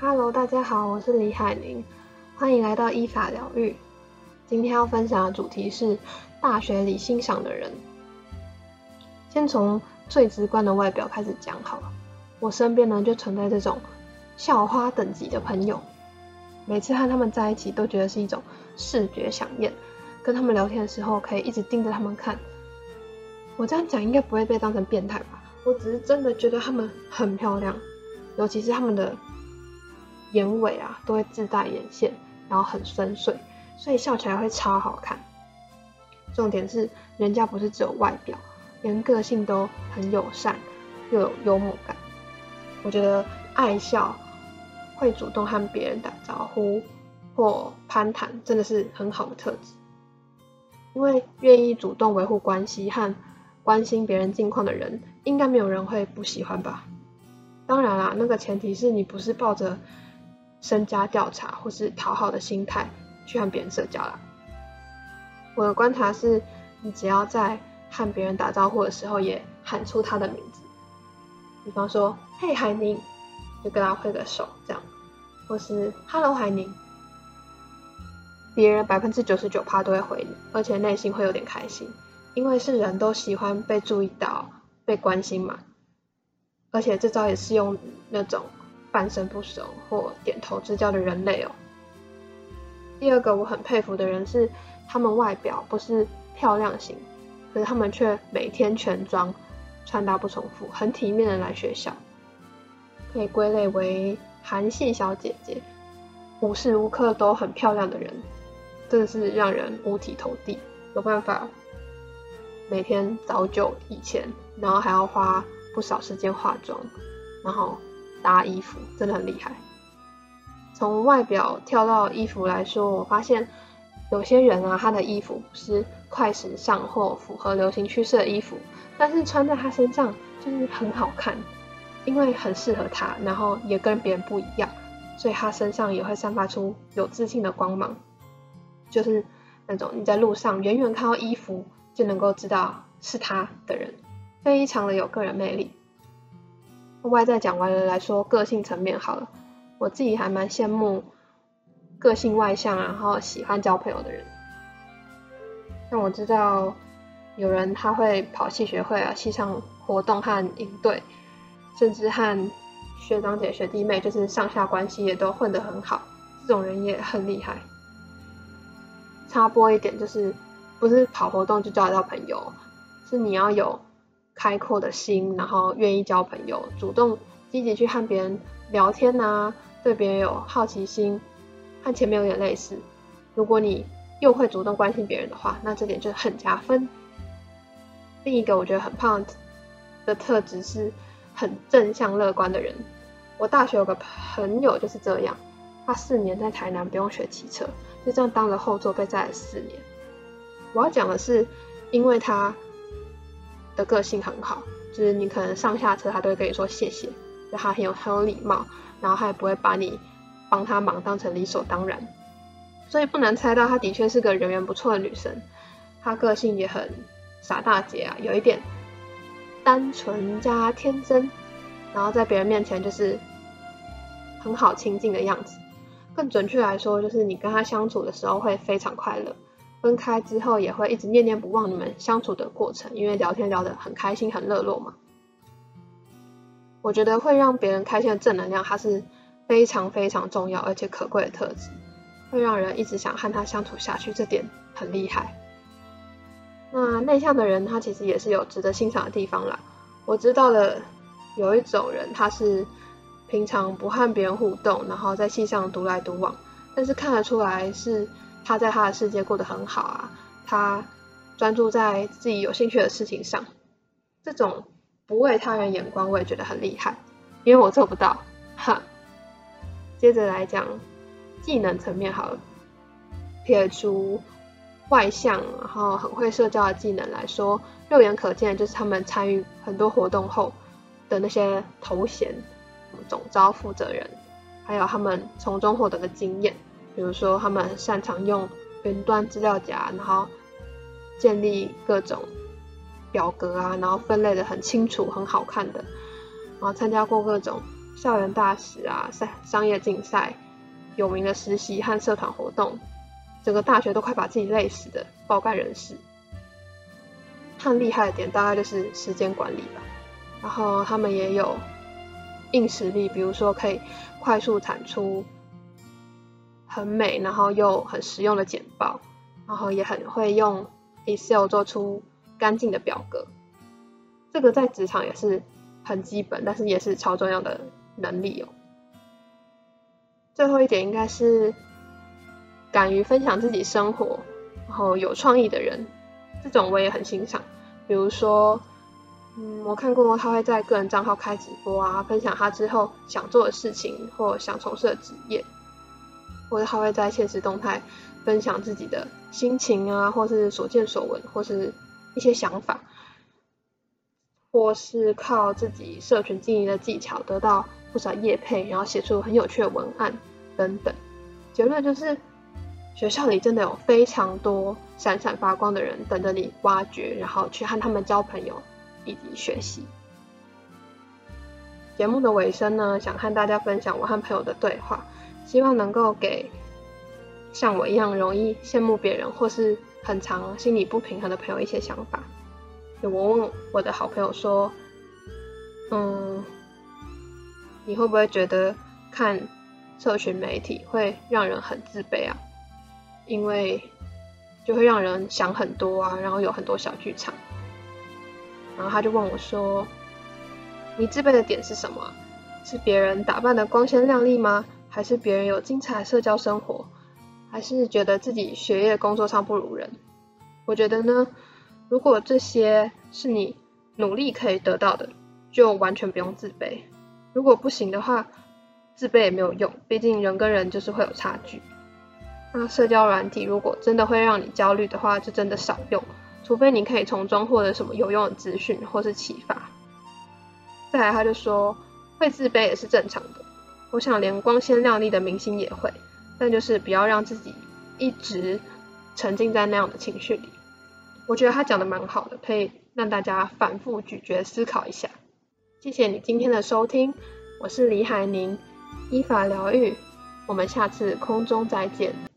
Hello，大家好，我是李海玲，歡迎來到依法療愈。今天要分享的主題是大學裡欣賞的人。先從最直觀的外表開始講好了。我身邊呢，就存在這種校花等級的朋友，每次和他們在一起都覺得是一種視覺饗宴。跟他們聊天的時候，可以一直盯着他們看。我這樣講應該不會被當成變態吧？我只是真的覺得他們很漂亮，尤其是他們的眼尾啊，都會自帶眼線，然後很深邃，所以笑起來會超好看。重點是，人家不是只有外表，連個性都很友善，又有幽默感。我覺得愛笑、會主動和別人打招呼或攀談，真的是很好的特質。因為願意主動維護關係和關心別人近況的人，應該沒有人會不喜歡吧？當然啦，那個前提是你不是抱着身家調查或是討好的心態去和別人社交啦。我的觀察是，你只要在和別人打招呼的時候也喊出他的名字，比方說“嘿，海寧”，就跟他揮個手這樣，或是 “Hello，海寧”。別人百分之九十九趴都會回你，而且內心會有點開心，因為是人都喜歡被注意到、被關心嘛。而且這招也適用那種半生不熟或點頭之交的人類哦。第二個我很佩服的人是，他們外表不是漂亮型，可是他們卻每天全妝穿搭不重複，很體面的來學校，可以歸類為韓系小姐姐，無時無刻都很漂亮的人。真的是讓人五體投地，有辦法每天早九以前，然後還要花不少時間化妝，然後搭衣服，真的很厲害。從外表跳到衣服來說，我發現有些人啊，他的衣服不是快時尚或符合流行趨勢的衣服，但是穿在他身上就是很好看，因為很適合他，然後也跟別人不一樣，所以他身上也會散發出有自信的光芒。就是那種你在路上遠遠看到衣服就能夠知道是他的人，非常的有個人魅力。外在講完了，來說個性層面好了。我自己還蠻羨慕個性外向，然後喜歡交朋友的人。但我知道有人他會跑系學會啊、系上活動和營隊，甚至和學長姐、學弟妹就是上下關係也都混得很好，這種人也很厲害。插播一點，就是不是跑活動就交得到朋友，是你要有開闊的心，然後願意交朋友，主動積極去和別人聊天吶、啊，對別人有好奇心，和前面有點類似。如果你又會主動關心別人的話，那這點就很加分。另一個我覺得很棒的特質是很正向樂觀的人。我大學有個朋友就是這樣。他四年在台南不用學騎車，就這樣當了後座被載了四年。我要講的是，因為他的個性很好，就是你可能上下車他都會跟你說謝謝，就他很有很有禮貌，然後他也不會把你幫他忙當成理所當然。所以不難猜到，她的確是個人緣不錯的女生。她個性也很傻大姐啊，有一點單純加天真，然後在別人面前就是很好親近的樣子。更準確來說，就是你跟他相處的時候會非常快樂，分開之後也會一直念念不忘你們相處的過程，因為聊天聊得很開心、很熱絡嘛。我覺得會讓別人開心的正能量，它是非常非常重要而且可貴的特質，會讓人一直想和他相處下去，這點很厲害。那內向的人，他其實也是有值得欣賞的地方啦。我知道的有一種人，他是，平常不和別人互動，然後在系上獨來獨往，但是看得出來是他在他的世界過得很好啊。他專注在自己有興趣的事情上，這種不畏他人眼光，我也覺得很厲害，因為我做不到，哈。接着來講技能層面好了，撇除外向然後很會社交的技能來說，肉眼可見的就是他們參與很多活動後的那些頭銜。總招負責人，還有他們從中獲得的經驗，比如說他們擅長用雲端資料夾，然後建立各種表格啊，然後分類的很清楚，很好看的。然後參加過各種校園大使啊、商業競賽，有名的實習和社團活動，整個大學都快把自己累死的。爆肝人士，很厲害的點大概就是時間管理吧。然後他們也有。硬實力，比如說可以快速產出很美，然後又很實用的簡報，然後也很會用 Excel 做出乾淨的表格，這個在職場也是很基本，但是也是超重要的能力哦。最後一點應該是敢於分享自己生活，然後有創意的人，這種我也很欣賞，比如說。嗯，我看過他會在個人賬號開直播啊，分享他之後想做的事情或想從事的職業，或者他會在限時動態分享自己的心情啊，或是所見所聞，或是一些想法，或是靠自己社群經營的技巧得到不少業配，然後寫出很有趣的文案等等。結論就是，學校裡真的有非常多閃閃發光的人，等着你挖掘，然後去和他們交朋友。以及學習。節目的尾聲呢，想和大家分享我和朋友的對話，希望能夠給像我一樣容易羨慕別人或是很常心理不平衡的朋友一些想法。我問我的好朋友說：“嗯，你會不會覺得看社群媒體會讓人很自卑啊？因為就會讓人想很多啊，然後有很多小劇場。”然後他就問我說：“你自卑的點是什麼？是別人打扮的光鮮亮麗嗎？還是別人有精彩社交生活？還是覺得自己學業工作上不如人？”我覺得呢，如果這些是你努力可以得到的，就完全不用自卑；如果不行的話，自卑也沒有用，畢竟人跟人就是會有差距。那社交軟體如果真的會讓你焦慮的話，就真的少用。除非你可以從中獲得什麼有用的資訊或是啟發。再來，他就說會自卑也是正常的，我想連光鮮亮麗的明星也會，但就是不要讓自己一直沉浸在那樣的情緒裡。我覺得他講得蠻好的，可以讓大家反覆咀嚼思考一下。謝謝你今天的收聽，我是李海寧，依法療癒，我們下次空中再見。